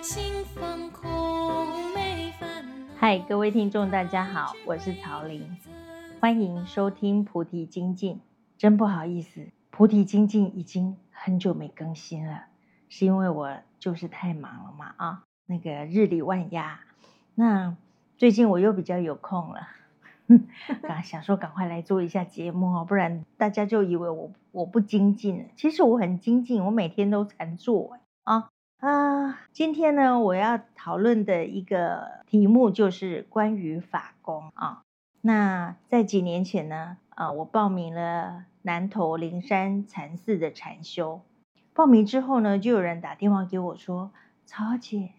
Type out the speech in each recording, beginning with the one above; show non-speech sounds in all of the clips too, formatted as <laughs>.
心放空，沒煩惱 Hi, 各位聽眾，大家好，我是曹琳，歡迎收聽《菩提精進》。真不好意思，《菩提精進》已經很久沒更新了，是因為我就是太忙了嘛，啊？那個日理萬壓，那最近我又比較有空了，剛想說趕快來做一下節目哦，不然大家就以為我我不精進了，其實我很精進，我每天都禪坐。啊、哦、啊，今天呢，我要討論的一個題目就是關於法工啊。那在幾年前呢，啊，我報名了南投靈山禪寺的禪修。報名之後呢，就有人打電話給我說：“曹姐，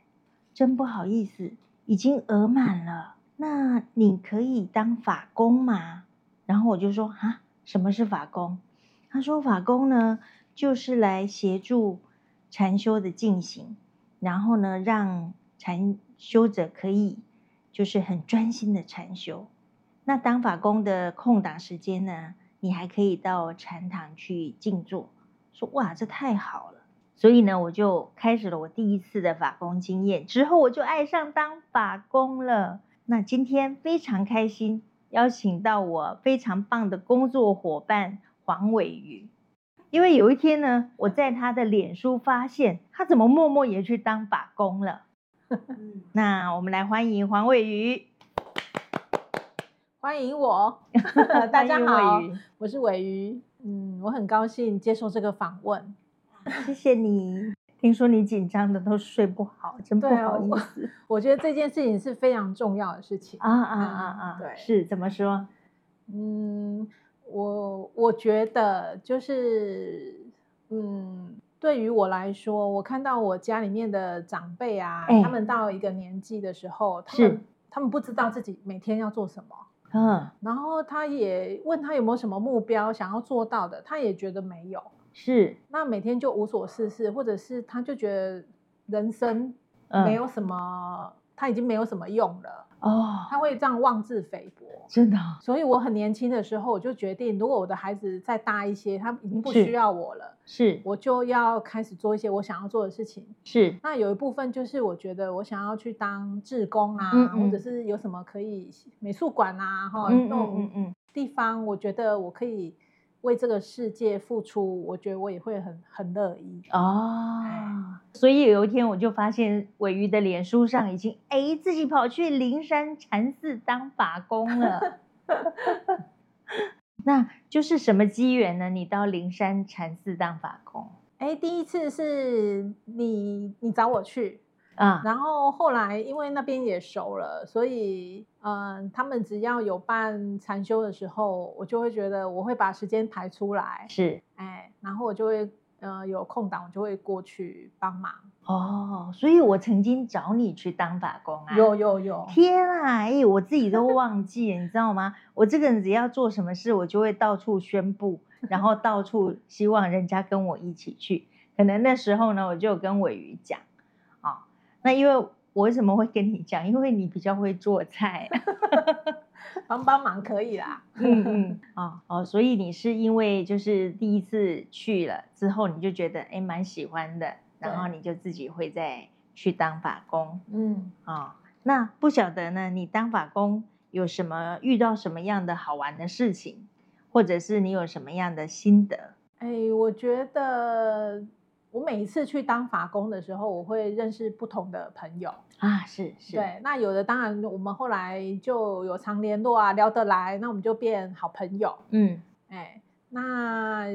真不好意思，已經額滿了，那你可以當法工嗎？”然後我就說：“啊，什麼是法工？”他說法工呢，就是來協助。禪修的進行，然後呢，讓禪修者可以就是很專心的禪修。那當法工的空檔時間呢，你還可以到禪堂去靜坐，說哇，這太好了！所以呢，我就開始了我第一次的法工經驗，之後我就愛上當法工了。那今天非常開心，邀請到我非常棒的工作伙伴黃偉瑜。因為有一天呢，我在他的臉書發現他怎麼默默也去當法工了。嗯、那我們來歡迎黃偉瑜。歡迎我， <laughs> 大家好，我是偉瑜。嗯，我很高興接受這個訪問，謝謝你。聽說你緊張的都睡不好，真不好意思。哦、我覺得這件事情是非常重要的事情啊啊啊啊！嗯、對，是怎麼說？嗯。我我覺得就是，嗯，對於我來說，我看到我家裡面的長輩啊，欸、他們到一個年紀的時候，他們是他們不知道自己每天要做什麼，嗯，然後他也問他有沒有什麼目標想要做到的，他也覺得沒有，是，那每天就無所事事，或者是他就覺得人生沒有什麼，嗯、他已經沒有什麼用了。哦，oh, 他會這樣妄自菲薄，真的、啊。所以我很年輕的時候，我就決定，如果我的孩子再大一些，他已經不需要我了，是，我就要開始做一些我想要做的事情。是，那有一部分就是我覺得我想要去當志工啊，嗯嗯或者是有什麼可以美術館啊，哈、嗯嗯嗯嗯，哦、那種嗯嗯地方，我覺得我可以。為這個世界付出，我覺得我也會很很樂意啊、哦。所以有一天我就發現，偉瑜的臉書上已經哎、欸，自己跑去靈山禪寺當法工了。 <laughs> 那就是什麼機緣呢？你到靈山禪寺當法工？哎、欸，第一次是你你找我去。嗯，然後後來因為那邊也熟了，所以嗯、呃，他們只要有辦禪修的時候，我就會覺得我會把時間排出來。是，哎，然後我就會呃有空檔，我就會過去幫忙。哦，所以我曾經找你去當法工啊，有有有！有有天啊，哎，我自己都忘記了， <laughs> 你知道嗎？我這個人只要做什麼事，我就會到處宣布，然後到處希望人家跟我一起去。可能那時候呢，我就跟偉瑜講。那因為我為什麼會跟你講？因為你比較會做菜，幫幫 <laughs> 忙可以啦。嗯嗯，哦，所以你是因為就是第一次去了之後，你就覺得哎蠻、欸、喜歡的，對然後你就自己會再去當法工。嗯啊、哦，那不曉得呢，你當法工有什麼遇到什麼樣的好玩的事情，或者是你有什麼樣的心得？哎、欸，我覺得。每次去當法工的時候，我會認識不同的朋友啊，是是，對，那有的當然我們後來就有常聯絡啊，聊得來，那我們就變好朋友，嗯，哎，那、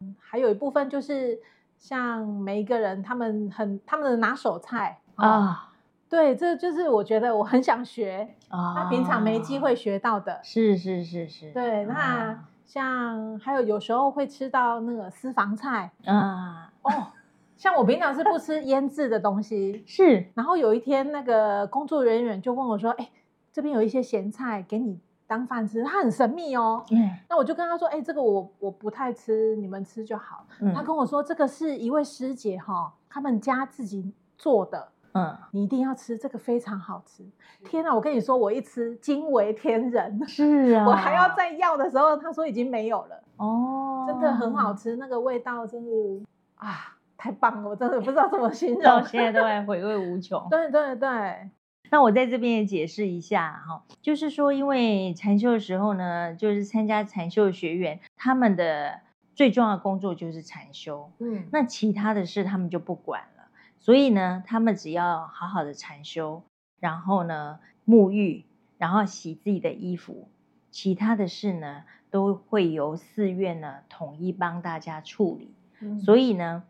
嗯、還有一部分就是像每一個人他們很，他們很，他們的拿手菜、哦、啊，對，這就是我覺得我很想學啊，平常沒機會學到的，是是是是，是是是對，那、啊、像還有有時候會吃到那個私房菜，啊哦。 <laughs> 像我平常是不吃醃製的東西，是。然後有一天，那個工作人員就問我說：“哎，這邊有一些鹹菜給你當飯吃，它很神秘哦。”嗯，那我就跟他說：“哎，這個我我不太吃，你們吃就好。”嗯，他跟我說：“這個是一位師姐哈、哦，他們家自己做的。”嗯，你一定要吃，這個非常好吃。天啊，我跟你說，我一吃驚為天人。是啊，我還要再要的時候，他說已經沒有了。哦，真的很好吃，那個味道真是啊。太棒了，我真的不知道怎麼形容。到現在都還回味無窮。對對 <laughs> 對，對對，那我在這邊也解釋一下哈、哦，就是說，因為禪修的時候呢，就是參加禪修的學員，他們的最重要的工作就是禪修，嗯，那其他的事他們就不管了。所以呢，他們只要好好的禪修，然後呢沐浴，然後洗自己的衣服，其他的事呢都會由寺院呢統一幫大家處理。嗯、所以呢。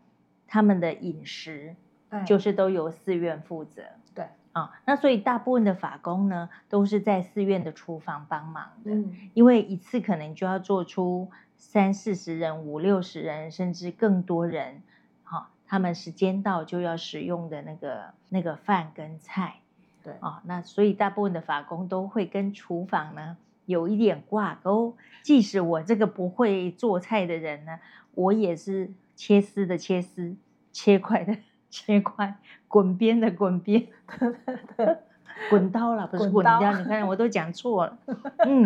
他們的飲食，就是都由寺院負責。嗯、對啊、哦，那所以大部分的法工呢，都是在寺院的廚房幫忙的。嗯，因為一次可能就要做出三四十人、五六十人，甚至更多人，哦，他們時間到就要使用的那個那個飯跟菜。對啊、哦，那所以大部分的法工都會跟廚房呢有一點掛鈎。即使我這個不會做菜的人呢。我也是切絲的切絲，切塊的切塊，滾邊的滾邊，滾 <laughs> 刀，了不是滾刀你，你看我都講錯了，嗯，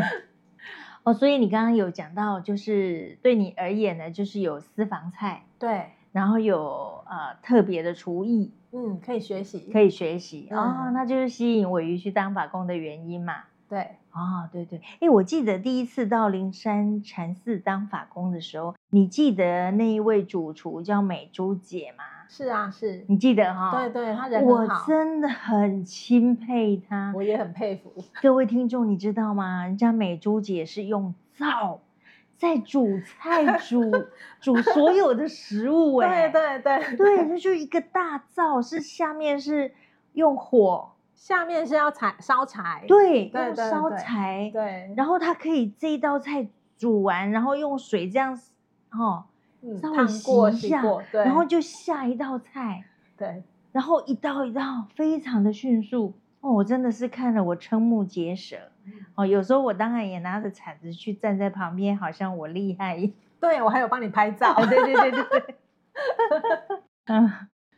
哦，所以你剛剛有講到，就是對你而言呢，就是有私房菜，對，然後有啊、呃、特別的廚藝，嗯，可以學習，可以學習，嗯、哦，那就是吸引偉瑜去當法工的原因嘛，對。哦，對對，哎，我記得第一次到靈山禪寺當法工的時候，你記得那一位主廚叫美珠姐嗎？是啊，是。你記得哈、哦？對對，她人很好，我真的很欽佩她，我也很佩服。各位聽眾，你知道嗎？人家美珠姐是用灶在煮菜煮、煮 <laughs> 煮所有的食物誒，誒對對對，對，那就一個大灶，是下面是用火。下面是要柴燒柴，對，用燒柴，對，然後它，可以這一道菜煮完，然後用水這樣哦，燙過一下，然後就下一道菜，對，然後一道一道非常的迅速哦，我真的是看了我瞠目結舌哦，有時候我當然也拿着鏟子去站在旁邊，好像我厲害一樣，對，我還有幫你拍照，對對對對，對嗯。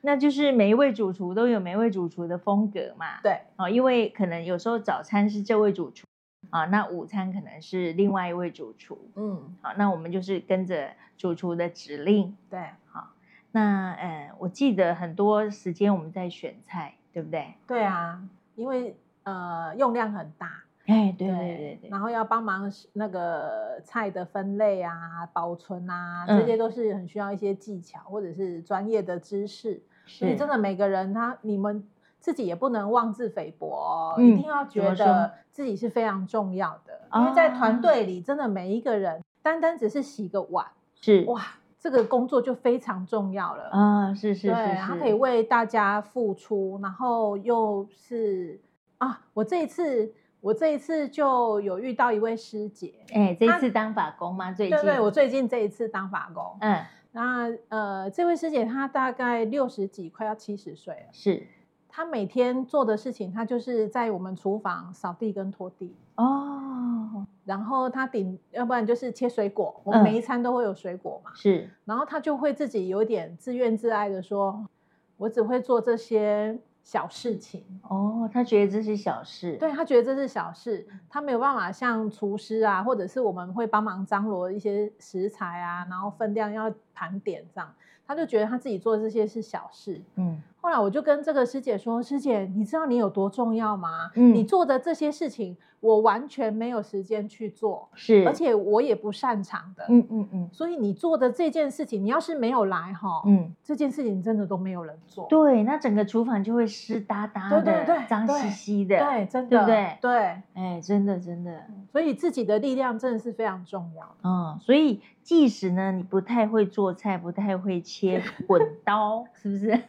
那就是每一位主廚都有每一位主廚的風格嘛？對啊、哦，因為可能有時候早餐是這位主廚啊、哦，那午餐可能是另外一位主廚。嗯，好、哦，那我們就是跟着主廚的指令。對，好、哦，那嗯、呃，我記得很多時間我們在選菜，對不對？對啊，因為呃用量很大，哎，對對對，對，對然後要幫忙那個菜的分類啊、保存啊，這些都是很需要一些技巧、嗯、或者是專業的知識。所以，是真的每個人他，你們自己也不能妄自菲薄、哦嗯、一定要覺得自己是非常重要的。嗯、因為在團隊裡，真的每一個人，單單只是洗個碗，是哇，這個工作就非常重要了啊、嗯！是是，是，是，是，他可以為大家付出，然後又是啊，我這一次，我這一次就有遇到一位師姐，哎、欸，這一次當法工嗎？他最近，對，對對，我最近這一次當法工，嗯。那呃，這位師姐她大概六十幾，快要七十歲了。是，她每天做的事情，她就是在我們廚房掃地跟拖地哦。然後她頂，要不然就是切水果。我們每一餐都會有水果嘛。嗯、是，然後她就會自己有點自怨自艾的說：“我只會做這些。”小事情哦，他覺得這是小事。對，他覺得這是小事，他沒有辦法像廚師啊，或者是我們會幫忙張羅一些食材啊，然後分量，要盤點這樣，他就覺得他自己做的這些是小事。嗯。後來我就跟這個師姐說：“師姐，你知道你有多重要嗎？嗯，你做的這些事情，我完全沒有時間去做，是，而且我也不擅長的。嗯嗯嗯。所以你做的這件事情，你要是沒有來哈，嗯，這件事情真的都沒有人做。對，那整個廚房就會濕噠噠的，對對對，髒兮兮的，對，真的，對不對？對，哎，真的真的，所以自己的力量真的是非常重要。嗯，所以即使呢，你不太會做菜，不太會切滾刀，是不是？”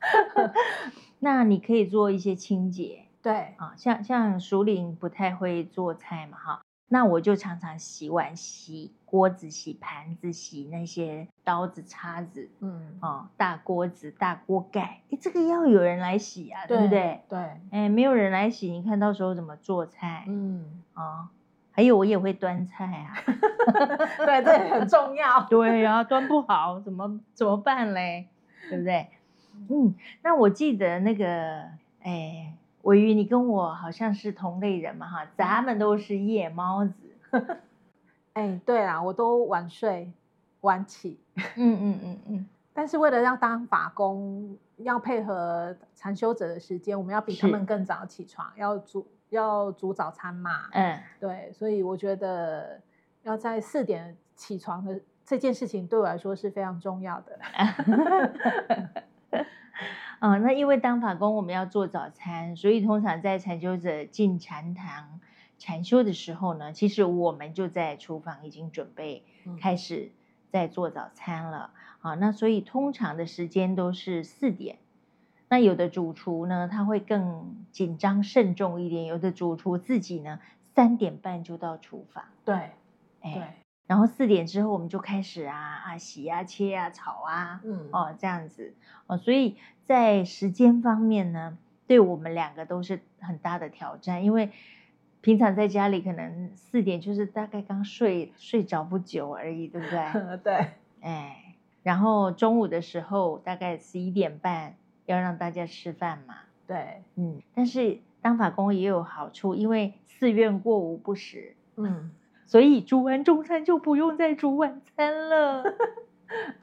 <laughs> 那你可以做一些清潔，對啊、哦像像淑玲不太會做菜嘛，哈、哦那我就常常洗碗、洗鍋子、洗盤子、洗那些刀子、叉子，嗯，哦，大鍋子、大鍋蓋，哎，這個要有人來洗啊，對，對不對？對，哎，沒有人來洗，你看到時候怎麼做菜？嗯，哦，還有我也會端菜啊， <laughs> 對，這很重要， <laughs> 對啊，端不好怎麼怎麼辦嘞？對不對？嗯，那我記得那個，哎、欸，偉瑜，你跟我好像是同類人嘛，哈，咱們都是夜貓子。哎、 <laughs> 欸，對啊，我都晚睡晚起。嗯嗯嗯嗯。嗯嗯，但是為了要當法工，要配合禪修者的時間，我們要比他們更早起床，是要煮要煮早餐嘛。嗯，對，所以我覺得要在四點起床的這件事情對我來說是非常重要的。 <laughs> 啊、哦，那因為當法工我們要做早餐，所以通常在禪修者進禪堂禪修的時候呢，其實我們就在廚房已經準備開始在做早餐了。啊、嗯，那所以通常的時間都是四點。那有的主廚呢，他會更緊張慎重一點；有的主廚自己呢，三點半就到廚房。對，哎。對。然後四點之後我們就開始啊啊洗啊切啊炒啊。嗯哦，這樣子哦。所以在時間方面呢，對我們兩個都是很大的挑戰，因為平常在家裡可能四點就是大概剛睡睡着不久而已，對不對？對，哎，然後中午的時候大概十一點半要讓大家吃飯嘛，對，嗯，但是當法工也有好處，因為寺院過午不食，嗯。嗯所以煮完中餐就不用再煮晚餐了，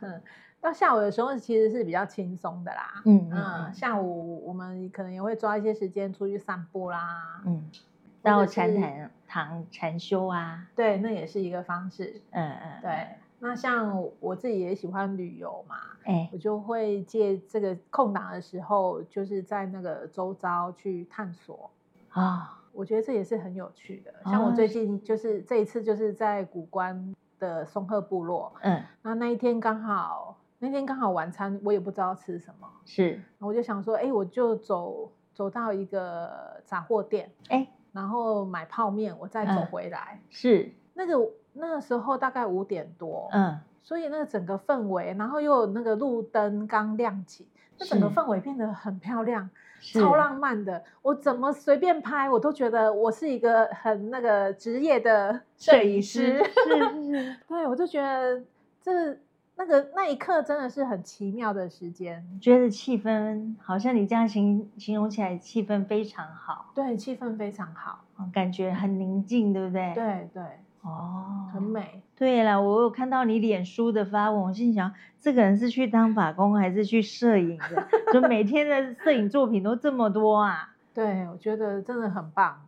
嗯，到下午的時候其實是比較輕鬆的啦，嗯嗯，嗯嗯，下午我們可能也會抓一些時間出去散步啦，嗯，然後禪禪堂禪修啊，對，那也是一個方式，嗯嗯，對，那像我，我自己也喜歡旅遊嘛，哎、欸，我就會借這個空檔的時候，就是在那個周遭去探索啊。哦我覺得這也是很有趣的，像我最近就是,、哦，是這一次，就是在古關的松鶴部落，嗯，那那一天剛好，那天剛好晚餐，我也不知道吃什麼，是，我就想說，哎，我就走走到一個雜貨店，哎，然後買泡麵，我再走回來，嗯、是，那個那個時候大概五點多，嗯，所以那個整個氛圍，然後又有那個路燈剛亮起，那整個氛圍變得很漂亮。是超浪漫的，我怎麼隨便拍，我都覺得我是一個很那個職業的攝影師。攝影師是，是，是 <laughs> 對，我就覺得這那個那一刻真的是很奇妙的時間。覺得氣氛好像你這樣形形容起來，氣氛非常好。對，氣氛非常好，感覺很寧靜，對不對？對對。對。哦，很美。對了，我有看到你臉書的發文，我心想這個人是去當法工還是去攝影的？就每天的攝影作品都這麼多啊！ <laughs> 對，我覺得真的很棒。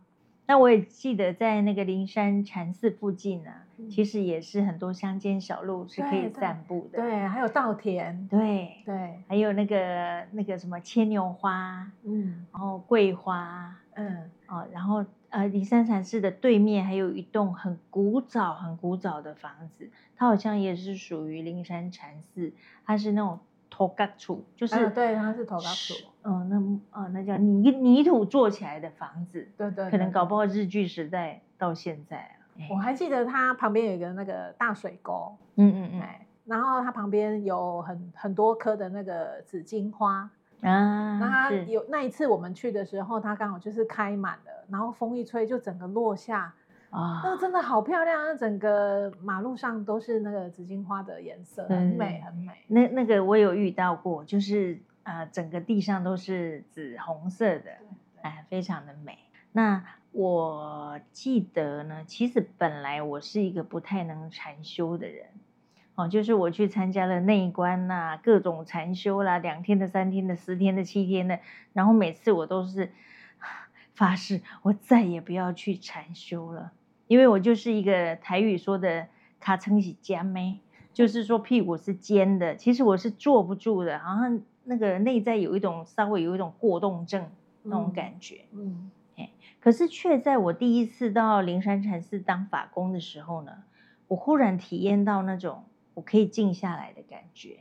那我也記得在那個靈山禪寺附近呢，嗯、其實也是很多鄉間小路是可以散步的。對，對，還有稻田，對對，對還有那個那個什麼牽牛花，嗯，然後桂花，嗯，哦，然後。呃，靈山禪寺的對面還有一棟很古早、很古早的房子，它好像也是屬於靈山禪寺，它是那種土埆厝，就是、呃、對，它是土埆厝，嗯、呃，那啊、呃，那叫泥泥土做起來的房子，對對，對對，可能搞不好日據時代到現在、啊哎、我還記得它旁邊有一個那個大水溝，嗯嗯嗯、哎，然後它旁邊有很很多顆的那個紫荊花。啊，那他有是那一次我們去的時候，他剛好就是開滿了，然後風一吹就整個落下，啊、哦，那真的好漂亮，啊，整個馬路上都是那個紫荊花的顏色，很美對很美。很美，那那個我有遇到過，就是呃整個地上都是紫紅色的，哎、呃，非常的美。那我記得呢，其實本來我是一個不太能禪修的人。就是我去參加了內觀啊，各種禪修啦、啊，兩天的、三天的、十天的、七天的，然後每次我都是發誓，我再也不要去禪修了，因為我就是一個台語說的卡撐是尖妹，就是說屁股是尖的，其實我是坐不住的，然後那個內在有一種稍微有一種過動症那種感覺，嗯，嗯，可是卻在我第一次到靈山禪寺當法工的時候呢，我忽然體驗到那種。我可以靜下來的感覺，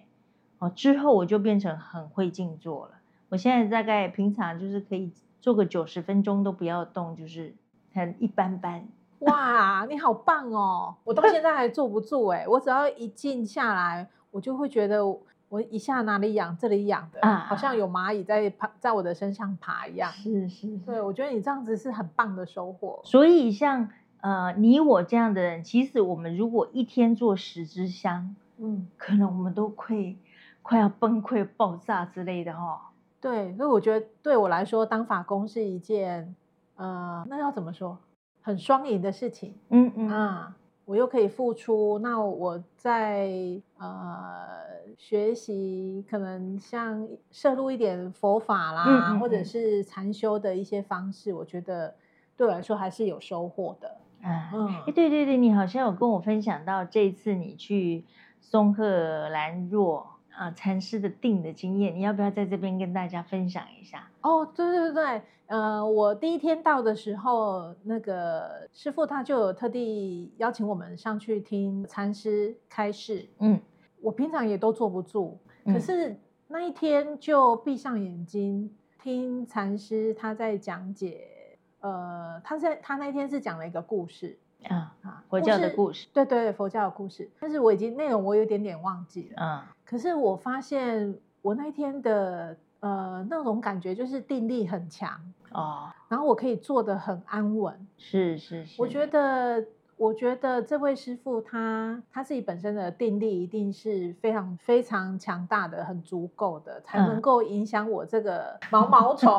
哦，之後我就變成很會靜坐了。我現在大概平常就是可以坐個九十分鐘都不要動，就是很一般般。哇，你好棒哦！我到現在還坐不住誒、欸、 <laughs> 我只要一靜下來，我就會覺得我一下哪裡癢，這裡癢的，啊、好像有螞蟻在爬，在我的身上爬一樣。是是，對，我覺得你這樣子是很棒的收穫。所以像。呃，你我這樣的人，其實，我們如果一天做十支香，嗯，可能我們都快快要崩潰、爆炸之類的哦。對，所以我覺得對我來說，當法工是一件，呃，那要怎麼說，很雙贏的事情。嗯嗯啊，我又可以付出，那我在呃學習，可能像攝入一點佛法啦，嗯嗯嗯、或者是禪修的一些方式，我覺得對我來說還是有收穫的。啊，哎、嗯，對對對，你好像有跟我分享到這一次你去松鶴蘭若啊、呃、禪師的定的經驗，你要不要在這邊跟大家分享一下？哦，對對對對，呃，我第一天到的時候，那個師父他就有特地邀請我們上去聽禪師開示。嗯，我平常也都坐不住，可是那一天就閉上眼睛聽禪師他在講解。呃，他在他那一天是講了一個故事，啊啊，佛教的故事，故事，對對對，佛教的故事，但是我已經內容我有點點忘記了，嗯，可是我發現我那一天的呃那種感覺就是定力很強哦，然後我可以坐得很安穩，是是是，我覺得。我覺得這位師傅他他自己本身的定力一定是非常非常強大的，很足夠的，才能夠影響我這個毛毛蟲、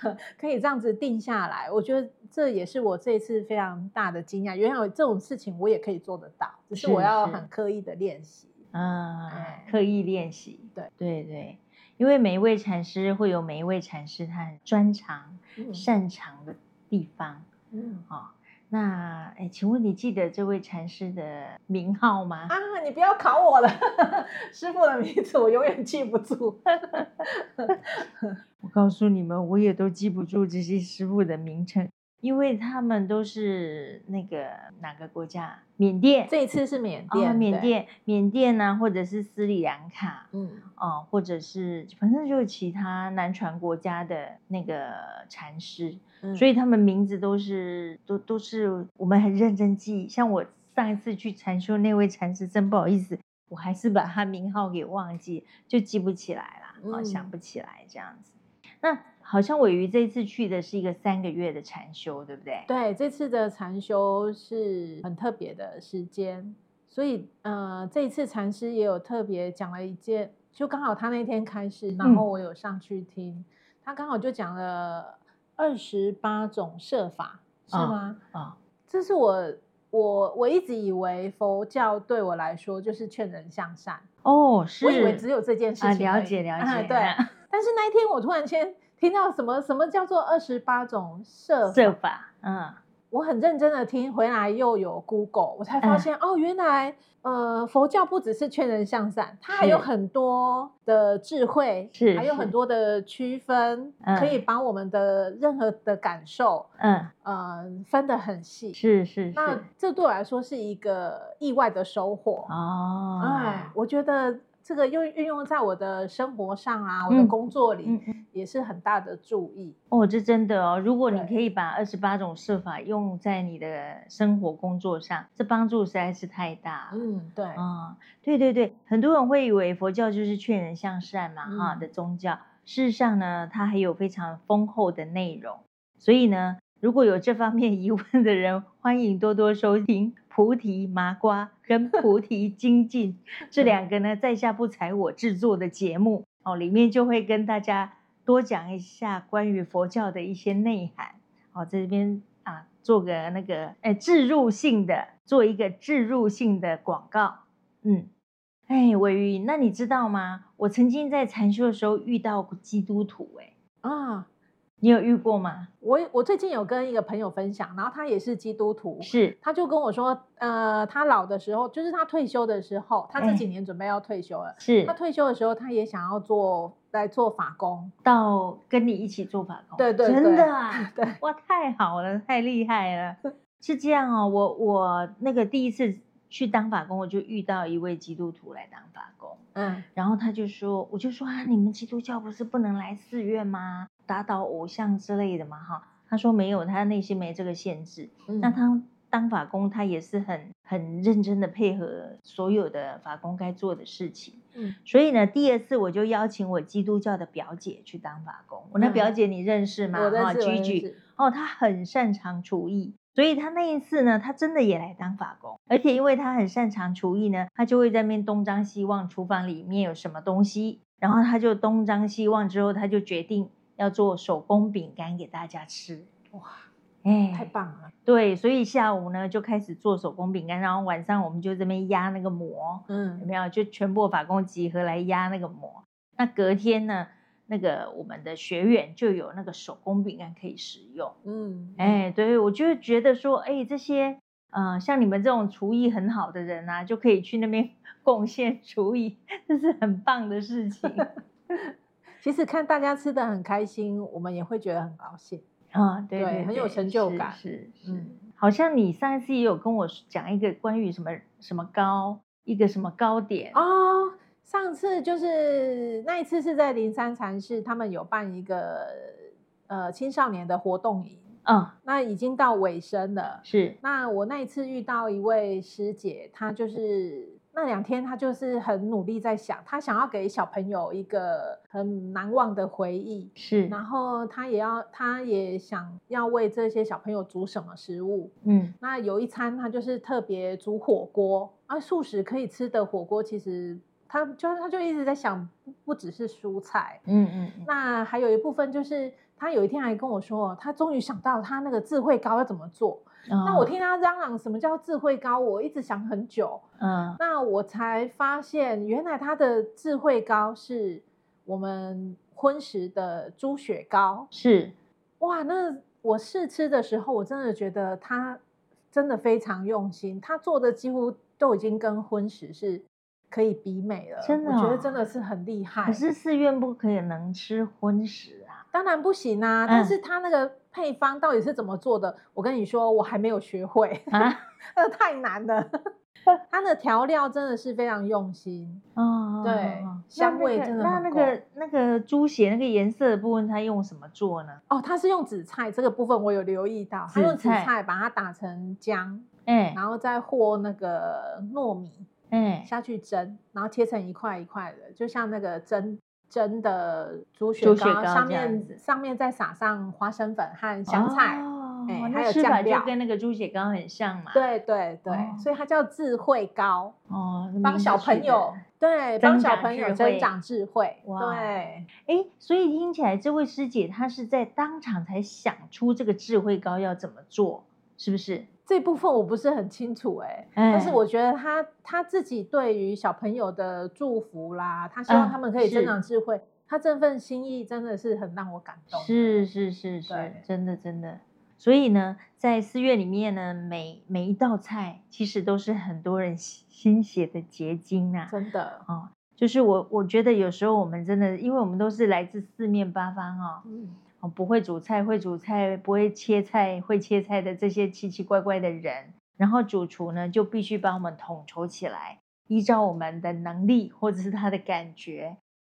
嗯、 <laughs> <laughs> 可以這樣子定下來。我覺得這也是我這一次非常大的驚訝，原來這種事情我也可以做得到，只是我要很刻意的練習。是是嗯，嗯刻意練習，對對對，因為每一位禪師會有每一位禪師他很專長、嗯、擅長的地方，嗯，哦那哎，請問你記得這位禪師的名號嗎？啊，你不要考我了， <laughs> 師傅的名字我永遠記不住。 <laughs> 我告訴你們，我也都記不住這些師傅的名稱。因為他們都是那個哪個國家？緬甸。這一次是緬甸，哦、緬甸，對緬甸呢、啊，或者是斯里蘭卡，嗯，啊、哦，或者是反正就是其他南傳國家的那個禪師，嗯，所以他們名字都是都都是我們很認真記。像我上一次去禪修那位禪師，真不好意思，我還是把他名號給忘記，就記不起來了，啊、嗯哦，想不起來這樣子。那。好像偉瑜這一次去的是一個三個月的禪修，對不對？對，這次的禪修是很特別的時間，所以呃，這一次禪師也有特別講了一件，就剛好他那天開始，然後我有上去聽，嗯、他剛好就講了二十八種設法，嗯、是嗎？啊、嗯，這是我我我一直以為佛教對我來說就是勸人向善哦，是，我以為只有這件事情了解、啊、了解，了解啊、對， <laughs> 但是那一天我突然間。聽到什麼什麼叫做二十八種設法設法？嗯，我很認真的聽，回來又有 Google，我才發現、嗯、哦，原來呃佛教不只是勸人向善，它還有很多的智慧，是還有很多的區分，是是嗯、可以把我們的任何的感受，嗯嗯、呃、分得很細，是，是是，那這對我來說是一個意外的收穫哦。哎，我覺得。這個用運用在我的生活上啊，嗯、我的工作裡也是很大的助益哦，這真的哦。如果你可以把二十八種設法用在你的生活工作上，這幫助實在是太大。嗯，對，啊、嗯，對對對，很多人會以為佛教就是勸人向善嘛、嗯、哈的宗教，事實上呢，它還有非常豐厚的內容。所以呢，如果有這方面疑問的人，歡迎多多收聽。菩提麻瓜跟菩提精進 <laughs> 這兩個呢，在下不才，我製作的節目哦，裡面就會跟大家多講一下關於佛教的一些內涵哦。這邊啊，做個那個，哎，置入性的，做一個置入性的廣告。嗯，哎，偉瑜，那你知道嗎？我曾經在禪修的時候遇到基督徒，欸，哎，啊。你有遇過嗎？我我最近有跟一個朋友分享，然後他也是基督徒，是他就跟我說，呃，他老的時候，就是他退休的時候，他這幾年準備要退休了，哎、是他退休的時候，他也想要做來做法工，到跟你一起做法工，對，對對，真的啊，對，哇，太好了，太厲害了，對，是這樣哦，我我那個第一次去當法工，我就遇到一位基督徒來當法工，嗯，然後他就說，我就說啊，你們基督教不是不能來寺院嗎？打倒偶像之類的嘛，哈，他說沒有，他內心沒這個限制。嗯、那他當法工，他也是很很認真的配合所有的法工該做的事情。嗯，所以呢，第二次我就邀請我基督教的表姐去當法工。我、嗯、那表姐你認識嗎？啊，居居哦，她很擅長廚藝，所以她那一次呢，她真的也來當法工。而且因為她很擅長廚藝呢，她就會在那邊東張西望廚房裡面有什麼東西。然後她就東張西望之後，她就決定。要做手工餅乾給大家吃，哇，哎、欸，太棒了！對，所以下午呢就開始做手工餅乾，然後晚上我們就這邊壓那個模。嗯，有沒有？就全部法工集合來壓那個模。那隔天呢，那個我們的學員就有那個手工餅乾可以食用，嗯，哎、欸，對，我就覺得說，哎、欸，這些、呃，像你們這種廚藝很好的人啊，就可以去那邊貢獻廚藝，這是很棒的事情。 <laughs> 其實看大家吃得很開心，我們也會覺得很高興啊，哦、對、對、對、對，很有成就感。是、是、是、是，嗯、好像你上一次也有跟我講一個關於什麼什麼糕，一個什麼糕點哦？上次就是那一次是在靈山禪寺，他們有辦一個呃青少年的活動營。嗯、哦，那已經到尾聲了。是，那我那一次遇到一位師姐，她就是。那兩天他就是很努力在想，他想要給小朋友一個很難忘的回憶，是。然後他也要，他也想要為這些小朋友煮什麼食物。嗯，那有一餐他就是特別煮火鍋，啊素食可以吃的火鍋，其實他就是他就一直在想，不只是蔬菜。嗯嗯嗯。那還有一部分就是，他有一天還跟我說，他終於想到他那個智慧糕要怎麼做。Oh. 那我聽他嚷嚷什麼叫智慧膏，我一直想很久。嗯，oh. 那我才發現原來他的智慧膏是我們葷食的豬血膏。是，哇！那我試吃的時候，我真的覺得他真的非常用心，他做的幾乎都已經跟葷食是可以比美了。真的、哦，我覺得真的是很厲害。可是寺院不可以能吃葷食啊？當然不行啊！嗯、但是他那個。配方到底是怎麼做的？我跟你說，我還沒有學會啊，那太難了。 <laughs> 它的調料真的是非常用心哦。對，哦香味真的那，那個很夠那，那個、那個那個豬血那個顏色的部分，它用什麼做呢？哦，它是用紫菜，這個部分我有留意到。它用紫菜把它打成漿，菜然後再和那個糯米，哎、下去蒸，然後切成一塊一塊的，就像那個蒸。蒸的豬血糕，血糕上面上面再撒上花生粉和香菜。哦，欸、它吃起來就跟那個豬血糕很像嘛。對對對，對對哦、所以它叫智慧糕哦，幫小朋友，對，幫小朋友增長智慧。哇對，誒，所以聽起來這位師姐她是在當場才想出這個智慧糕要怎麼做，是不是？這部分我不是很清楚哎、欸，嗯、但是我覺得他他自己對於小朋友的祝福啦，他希望他們可以增長智慧，嗯、他這份心意真的是很讓我感動是。是是是對是，真的真的。所以呢，在寺院裡面呢，每每一道菜其實都是很多人心血的結晶啊，真的。哦，就是我我覺得有時候我們真的，因為我們都是來自四面八方哦。嗯不會煮菜會煮菜不會切菜會切菜的這些奇奇怪怪的人，然後主廚呢就必須把我們統籌起來，依照我們的能力或者是他的感覺，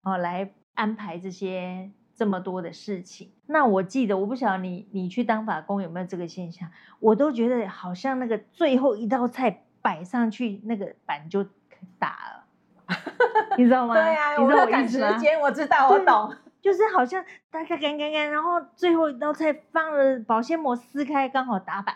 然後、哦、來安排這些這麼多的事情。那我記得，我不曉得你你去當法工有沒有這個現象，我都覺得好像那個最後一道菜擺上去，那個板就打了，你知道嗎？ <laughs> 對呀、啊，你這麼趕時間，我知道，對我懂。就是好像大概幹幹幹，然後最後一道菜放了保鮮膜，撕開剛好打板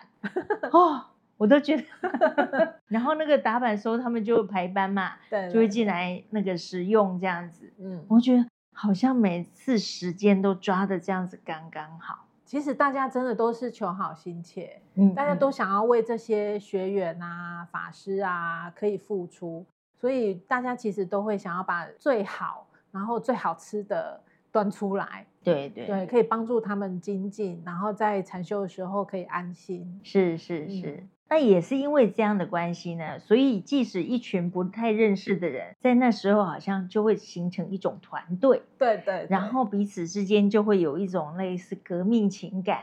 哦，我都覺得。 <laughs> <laughs> 然後那個打板的時候，他們就排班嘛，對了就會進來那個食用這樣子。嗯了，我覺得好像每次時間都抓的這樣子剛剛好。其實大家真的都是求好心切，嗯嗯大家都想要為這些學員啊、法師啊可以付出，所以大家其實都會想要把最好，然後最好吃的。鑽出來，對對對，對，可以幫助他們精進，然後在禪修的時候可以安心。是是是，嗯、那也是因為這樣的關係呢，所以即使一群不太認識的人，在那時候好像就會形成一種團隊。對，對對，然後彼此之間就會有一種類似革命情感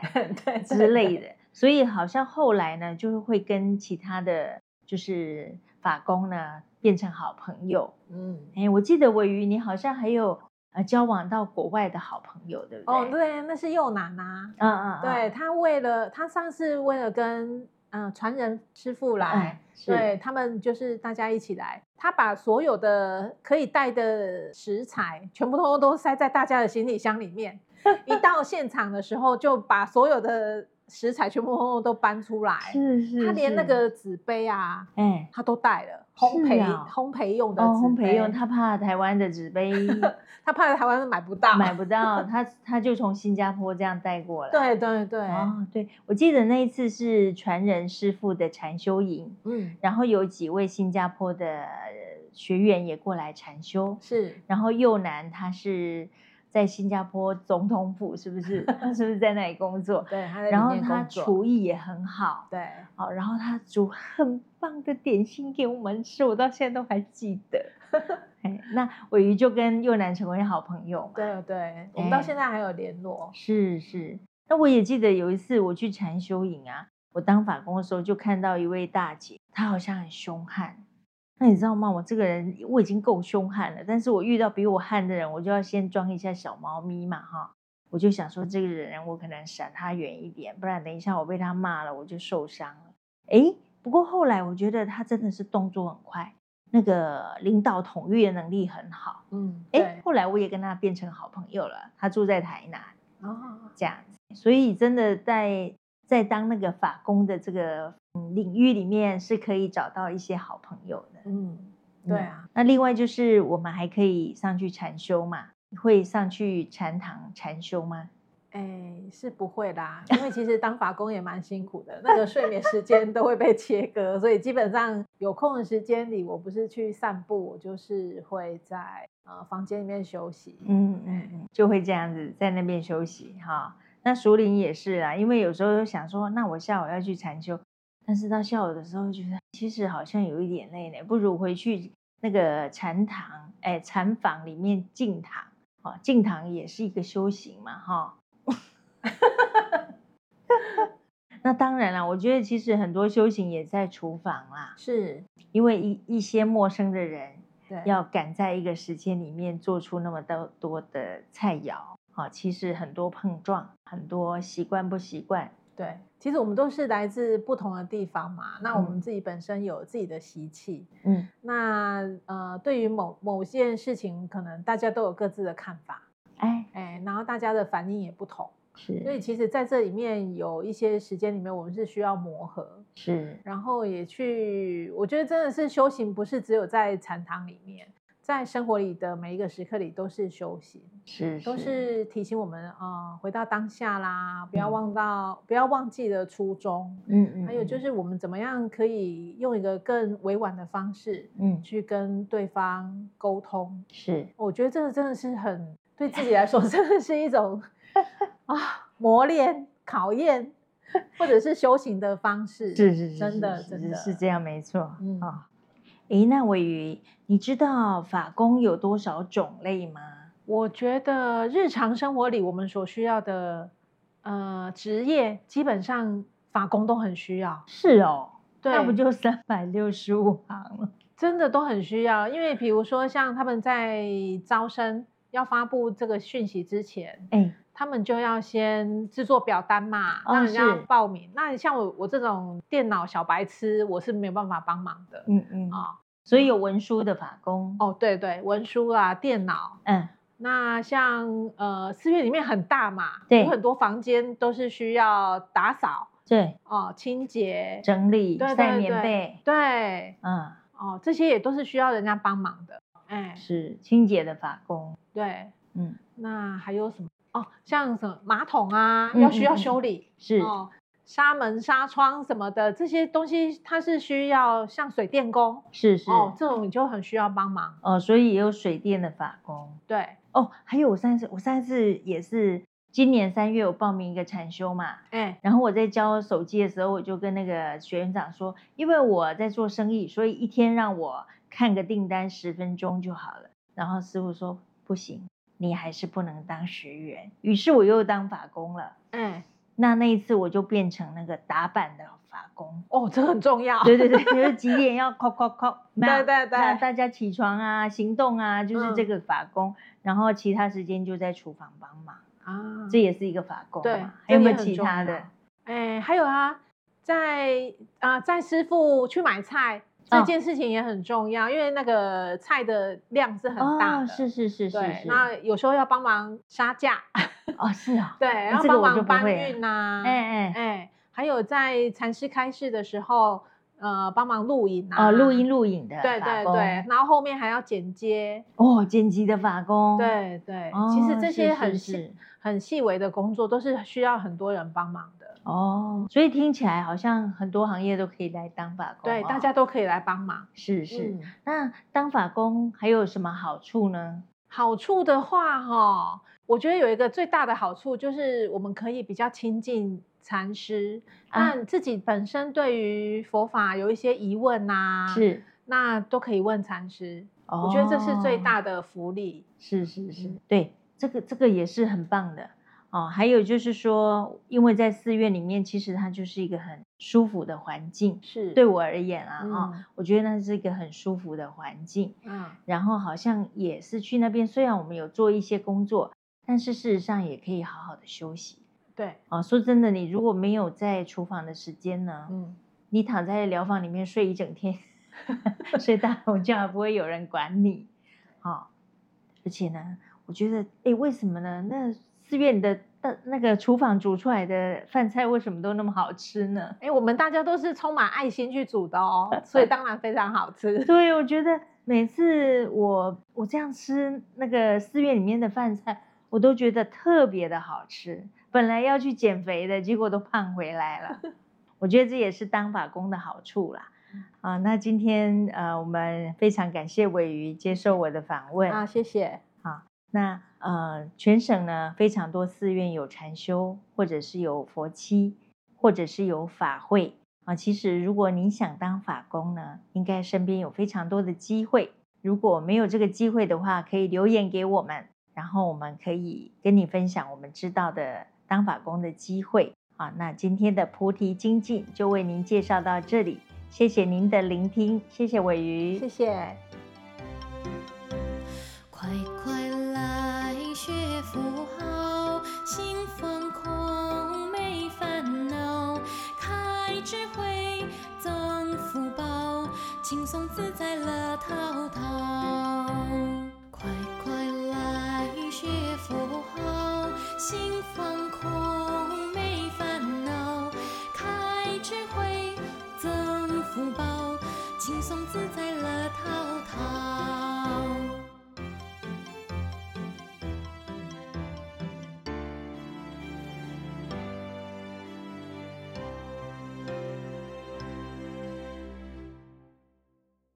之類的， <laughs> 對對對對所以好像後來呢，就會跟其他的就是法工呢變成好朋友。嗯，哎，我記得偉瑜，你好像還有。交往到國外的好朋友，對不對？哦，oh, 對，那是幼男啊。嗯、uh, uh, uh. 對，他為了他上次為了跟嗯、呃、傳人師父來，uh, 對是他們就是大家一起來，他把所有的可以帶的食材全部通通都塞在大家的行李箱裡面， <laughs> 一到現場的時候就把所有的。食材全部都搬出來，是、是是，他連那個紙杯啊，哎、欸，他都帶了烘焙、啊、烘焙用的紙杯、哦，烘焙用，他怕台灣的紙杯， <laughs> 他怕台灣買不到，買不到， <laughs> 他他就從新加坡這樣帶過來，對對對，哦對，我記得那一次是傳人師父的禪修營，嗯，然後有幾位新加坡的學員也過來禪修，是，然後幼男他是。在新加坡總統府是不是？是不是在那裡工作？對，然後他廚藝也很好。對，好，然後他煮很棒的點心給我們吃，我到現在都還記得。那偉瑜就跟佑南成為好朋友。對對，對，我們到現在還有聯絡。是是，那我也記得有一次我去禪修營啊，我當法工的時候就看到一位大姐，她好像很兇悍。那你知道嗎？我這個人我已經夠兇悍了，但是我遇到比我悍的人，我就要先裝一下小貓咪嘛，哈！我就想說這個人我可能閃他遠一點，不然等一下我被他罵了，我就受傷了。哎，不過後來我覺得他真的是動作很快，那個領導統御的能力很好，嗯，哎，後來我也跟他變成好朋友了。他住在台南哦，這樣子，所以真的在在當那個法工的這個。領域裡面是可以找到一些好朋友的。嗯，嗯對啊。那另外就是我們還可以上去禪修嘛？你會上去禪堂禪修嗎？哎、欸，是不會啦。因為其實當法工也蠻辛苦的， <laughs> 那個睡眠時間都會被切割，所以基本上有空的時間裡，我不是去散步，我就是會在呃房間裡面休息。嗯嗯，就會這樣子在那邊休息哈。那熟林也是啊，因為有時候想說，那我下午要去禪修。但是到下午的時候，覺得其實好像有一點累呢。不如回去那個禪堂，哎，禪房裡面靜躺，哦，靜躺也是一個修行嘛，哈、哦。 <laughs> <laughs> 那當然啦，我覺得其實很多修行也在廚房啦，是因為一一些陌生的人對，要趕在一個時間裡面做出那麼多多的菜肴，啊、哦，其實很多碰撞，很多習慣不習慣。對，其實我們都是來自不同的地方嘛，那我們自己本身有自己的習氣，嗯，嗯，那呃，對於某某件事情，可能大家都有各自的看法，哎哎，然後大家的反應也不同，是，所以其實在這裡面有一些時間裡面，我們是需要磨合，是，然後也去，我覺得真的是修行，不是只有在禪堂裡面。在生活裡的每一個時刻裡都是修行，是，都是提醒我們啊、呃，回到當下啦，不要忘到，嗯、不要忘記的初衷。嗯嗯，嗯嗯，還有就是我們怎麼樣可以用一個更委婉的方式，嗯，去跟對方溝通、嗯。是，我覺得這個真的是很對自己來說，真的是一種 <laughs> 啊磨練、考驗，或者是修行的方式。是是是，是是真的真的是，是這樣沒錯啊。嗯哦哎，那偉瑜，你知道法工有多少種類嗎？我覺得日常生活裡我們所需要的，呃，職業基本上法工都很需要。是哦，對那不就三百六十五行了？真的都很需要，因為比如說像他們在招生要發布這個訊息之前，哎。他們就要先制作表單嘛，讓人家報名。那你像我，我這種電腦小白痴，我是沒有辦法幫忙的。嗯嗯，啊，所以有文書的法工。哦，對對，文書啊，電腦。嗯，那像呃寺院裡面很大嘛，對，有很多房間都是需要打掃。對，哦，清潔、整理、曬棉被。對，嗯，哦，這些也都是需要人家幫忙的。哎，是清潔的法工。對，嗯，那還有什麼？哦，像什麼馬桶啊，要需要修理。嗯嗯，是哦，紗門、紗窗什麼的，這些東西，它是需要像水電工。是是，哦，這種你就很需要幫忙。哦，所以也有水電的法工。對哦，還有我上次，我上次也是今年三月，我報名一個禪修嘛，哎、欸，然後我在交手機的時候，我就跟那個學員長說，因為我在做生意，所以一天讓我看個訂單十分鐘就好了，然後師傅說不行。你還是不能當學員，於是我又當法工了。嗯，那那一次我就變成那個打板的法工哦，這很重要。對對對，就是幾點要叩叩叩，對對對，大家起床啊，行動啊，就是這個法工。嗯、然後其他時間就在廚房幫忙啊，這也是一個法工。對，還有沒有其他的？哎、嗯，還有啊，在啊、呃，在師傅去買菜。這件事情也很重要，因為那個菜的量是很大的，哦、是是是是對。是是那有時候要幫忙殺價，哦是啊、哦，對，要幫忙搬運吶、啊啊，哎哎哎，還有在禪師開示的時候，呃，幫忙錄影啊，錄音錄影的，對對對，然後後面還要剪接，哦，剪輯的法工，對對，其實這些很細、哦、很細微的工作都是需要很多人幫忙。哦，所以聽起來好像很多行業都可以來當法工，對，哦、大家都可以來幫忙。是是，嗯、那當法工還有什麼好處呢？好處的話、哦，哈，我覺得有一個最大的好處就是我們可以比較親近禪師，那、啊、自己本身對於佛法有一些疑問啊，是，那都可以問禪師。哦、我覺得這是最大的福利。是是是，嗯、對，這個這個也是很棒的。哦，還有就是說，因為在寺院裡面，其實它就是一個很舒服的環境。是對我而言啊，啊、嗯哦，我覺得那是一個很舒服的環境。嗯，然後好像也是去那邊，雖然我們有做一些工作，但是事實上也可以好好的休息。對，啊、哦，說真的，你如果沒有在廚房的時間呢，嗯，你躺在寮房裡面睡一整天， <laughs> 睡大午覺，我不會有人管你。哦，而且呢，我覺得，哎，為什麼呢？那寺院的那那個廚房煮出來的飯菜為什麼都那麼好吃呢？哎，我們大家都是充滿愛心去煮的哦， <laughs> 所以當然非常好吃。對，我覺得每次我我這樣吃那個寺院裡面的飯菜，我都覺得特別的好吃。本來要去減肥的，結果都胖回來了， <laughs> 我覺得這也是當法工的好處啦。啊，那今天呃，我們非常感謝偉瑜接受我的訪問啊，謝謝，好。那呃，全省呢，非常多寺院有禪修，或者是有佛七，或者是有法會啊。其實如果您想當法工呢，應該身邊有非常多的機會。如果沒有這個機會的話，可以留言給我們，然後我們可以跟你分享我們知道的當法工的機會啊。那今天的菩提精進就為您介紹到這裡，謝謝您的聆聽，謝謝偉瑜。謝謝。自在樂陶陶，快快來學佛號，心放寬。